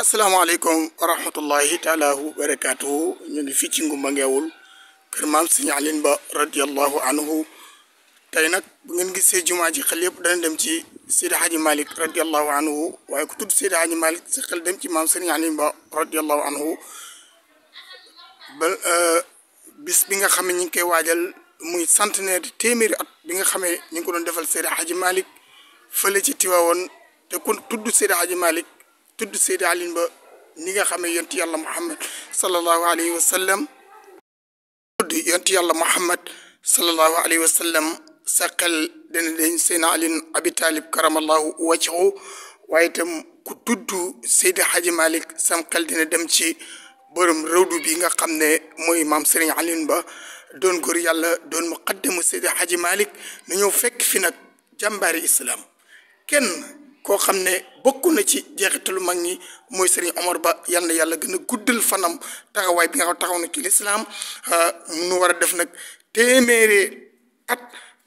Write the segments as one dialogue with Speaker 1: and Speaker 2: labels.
Speaker 1: السلام عليكم ورحمة الله تعالى وبركاته نيغي في تشي نغوم ماغيول كير مام سيغنالين با رضي الله عنه تاي ناك بوغن غيسه جمعه جي خليه يب دان ديم تي سيد حاج مالك رضي الله عنه واي كوتو سيد حاج مالك سي خل ديم تي مام سيغنالين با رضي الله عنه بل ا بيس بيغا خامي نينكي وادال موي تيمير ات بيغا خامي نينكو سيد حاج مالك فلي تي تكون تودو سيد حاج مالك tudd Seydi Alioune ba ni nga xamee yonti yàlla Muhammad sallallahu alayhi wa sallam tudd yonti yàlla Muhammad sallallahu alayhi wa sallam sa xel dana dañ Seydi Alioune Abi Talib karamallahu wajhu waaye itam ku tudd Seydi Hadji Malick sam xel dina dem ci borom rëwdu bi nga xam ne mooy maam Serigne Alioune ba doon góor yàlla doon muqaddamu Seydi Hadji Malick na ñëw fekk fi nag jàmbaari islam kenn koo xam ne bokk na ci jeexitalu mag ñi mooy Serigne Omar Ba yal yàlla gën a guddal fanam taxawaay bi nga xam taxaw na ci lislaam nu ah, war a def nag téeméeri at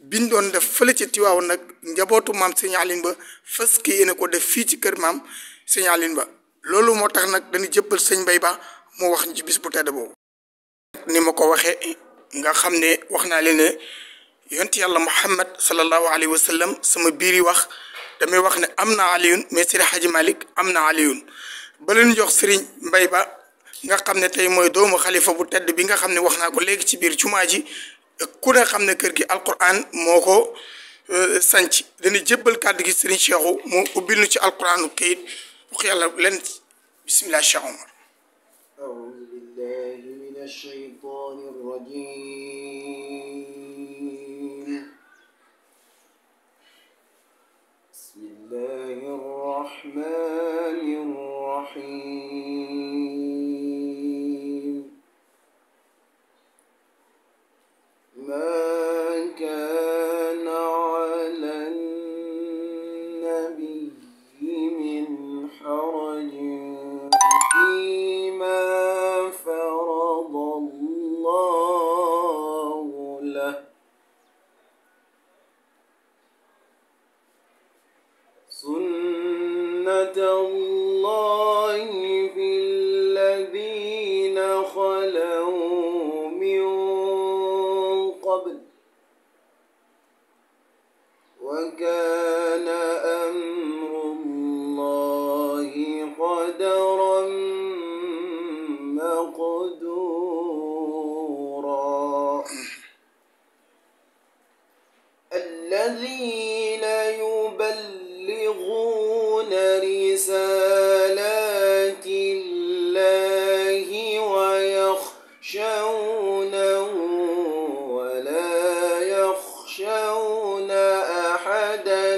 Speaker 1: biñ doon def fële ci Tiwaawan nag njabootu maam Serigne Alioune ki yéene ko def fii ci kër maam Ba loolu moo tax nag dañu jëppal sëñ Mbay Ba moo wax ci bis bu tedd ma ko waxee xam ne wax naa leen ne yonent yàlla Muhammad sallallahu alayhi wa sallam sama yi wax. damay wax ne amna aliyun Alioune mais Seydi Hadji Malick am na Alioune jox Serigne Mbaye Ba nga xamne tay moy doomu khalifa bu tedd bi nga xamne waxna ko legi ci bir jumaa ji ku ne xamne keur gi alquran moko ko dañu jebal kàddu gi Serigne Cheikhou mo ubbil ci alquran kayit wax yàlla len bismillah Cheikh Omar
Speaker 2: أعوذ بالله من الشيطان الرجيم الرحمن الرحيم الله في الذين خلوا من قبل وكان أمر الله قدرا مقدورا الذين يخشونه ولا يخشون أحدا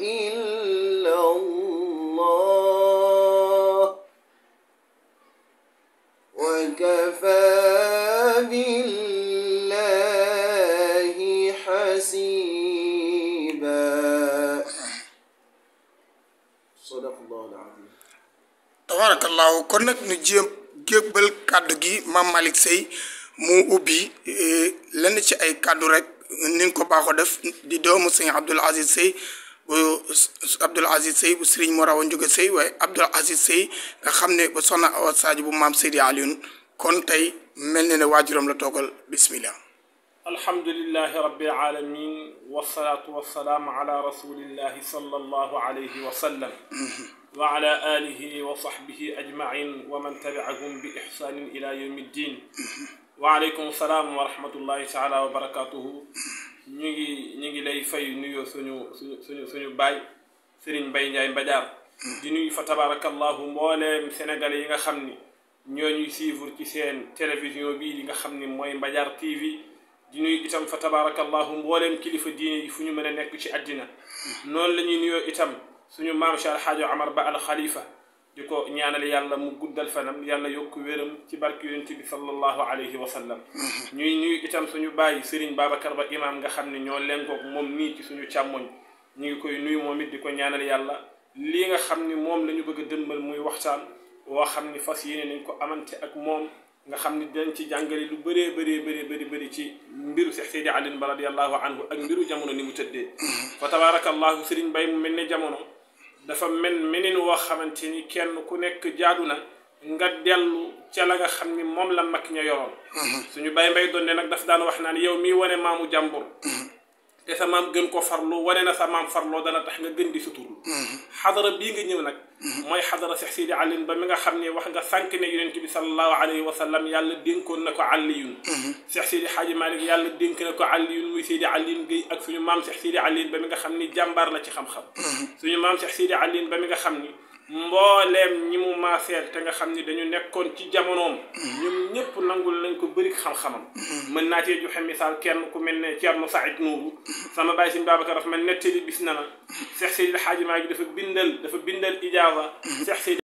Speaker 2: إلا الله وكفى بالله حسيبا صدق الله العظيم
Speaker 1: تبارك الله وكنك نجيب jébbal kàddu gi Mame Malick Seye mu ubbi eh, lenn ci ay kàddu rek ni ko baaxoo def di doomu sëñ Abdoul Aziz Seye bu Abdoul Aziz Seye bu Serigne waaye Abdoul Aziz Seye nga xam ne ba soxna Awa bu maam Seydi Alioune kon tey mel na ne waajuram la toogal bismillah
Speaker 3: الحمد لله رب العالمين والصلاة والسلام على رسول الله صلى الله عليه وسلم وعلى آله وصحبه أجمعين ومن تبعهم بإحسان إلى يوم الدين وعليكم السلام ورحمة الله تعالى وبركاته نيجي نيجي لي في نيو سنو سنو سنو باي سرين باي نجاي بدار di فتبارك الله tabarakallahu mbooleem sénégalais yi nga xam ni ñoo ñuy suivre ci seen بدار تي في di nuyu itam fa tabaarakallahu mbooleem kilifa diine yi fu ñu mën a nekk ci àddina noonu la ñuy nuyoo itam suñu maam Cheikh Alxaaji Amar Ba al Khalifa di ko ñaanal yàlla mu guddal fanam yàlla yokk wéram ci barke yonent bi sallallahu alayhi wa sallam ñuy nuyu itam suñu bàyyi Serigne Babacar Ba imaam nga xam ne ñoo lenkoog moom nii ci suñu càmmoñ ñu ngi koy nuyu moom it di ko ñaanal yàlla lii nga xam ni moom la ñu bëgg a dëmbal muy waxtaan woo xam ni fas yéene nañ ko amante ak moom nga xam ne dañ ci jàngale lu bëree bëree bëri bëri bëri ci mbiru Seex Seydi Alin Ba radiyallahu anhu ak mbiru jamono ni mu tëddee fa tabaarakallahu Sëriñ mbay mu mel ne jamono dafa mel meneen woo xamante ni kenn ku nekk jaadu na nga dellu ca la nga xam ni moom la mag ña yoroon suñu Bay Mbay doon ne nag daf daan wax naan yow mii wane maamu jàmbur te sa maam gën ko farlu ware na sa maam farloo dana tax nga gën di suturlu حضر بيغا نيو نك موي حضر شيخ سيدي علي با ميغا خامني واخغا سانك ني يونت بي صلى الله عليه وسلم يالا دينكون نكو علي شيخ سيدي حاج مالك يالا دينك نكو علي موي سيدي علي بي اك سونو مام شيخ سيدي علي با ميغا خامني جامبار لا سي خام خام سونو مام شيخ سيدي علي با ميغا خامني mbooleem ñi mu maaseel te nga xam ni dañu nekkoon ci jamonoom ñoom ñëpp nangul lañ ko bëri xam-xamam mën naa cee joxe misaal kenn ku mel ne Thierno Saïd Nourou sama bàyyi sin Babacar dafa ma
Speaker 1: nettali bis na na Cheikh Seydil Hadji Malick dafa bindal dafa bindal ijaaza Cheikh